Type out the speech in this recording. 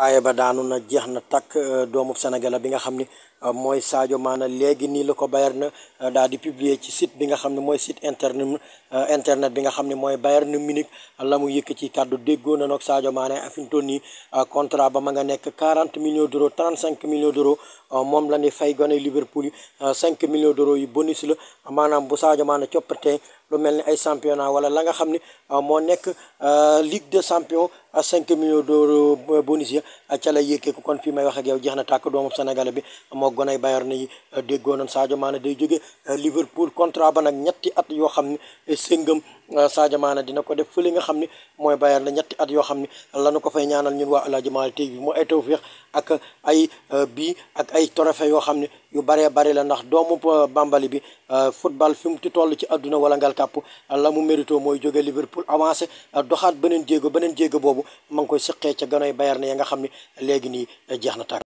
aaye ba daanu na jeex na takk euh, doomu Sénégal bi nga xam ni euh, mooy Sadio maana léegi nii la ko Bayern euh, daal di publier ci site bi nga xam ne mooy site interne internet bi nga xam ne mooy Bayern Munich la mu yëkk ci kàddu déggoo na nag Sadio Mané fi mu toll nii contrat ba ma nga nekk 40 millions d'euros 35 millions d'euros moom la ni fay gone Liverpool 5 millions d'euros yu bonus la maanaam bu Sadio Mané coppatee lu mel ni ay championnat wala la nga xam ni euh, moo nekk euh, ligue de champion cinq millions d'euros euh, bonus ya ca la kon fii may wax ak yow jeex na tàkk doomu Sénégal bi moo gonay Bayern yi déggoonoon Sadio maana day jóge Liverpool contrat ba nag ñetti at yoo xam ne sëngam Euh, Sadio Mané dina ko def fële nga xam ni mooy Bayern la ñetti at yoo xam ne lanu ko fay ñaanal ñun waa Aladji Malick TV bi mu ay tawfeex ak ay euh, bii ak ay trophée yoo xam ne yu baree bari la ndax doomu euh, Bambali bi football fi mu ti toll ci àdduna wala ngal kàpp la mu mérito mooy jóge Liverpool avancé doxaat beneen jéego beneen jéego boobu ma ngi koy seqee ca ganoy na ya nga xam ne léegi nii jeex na tàkk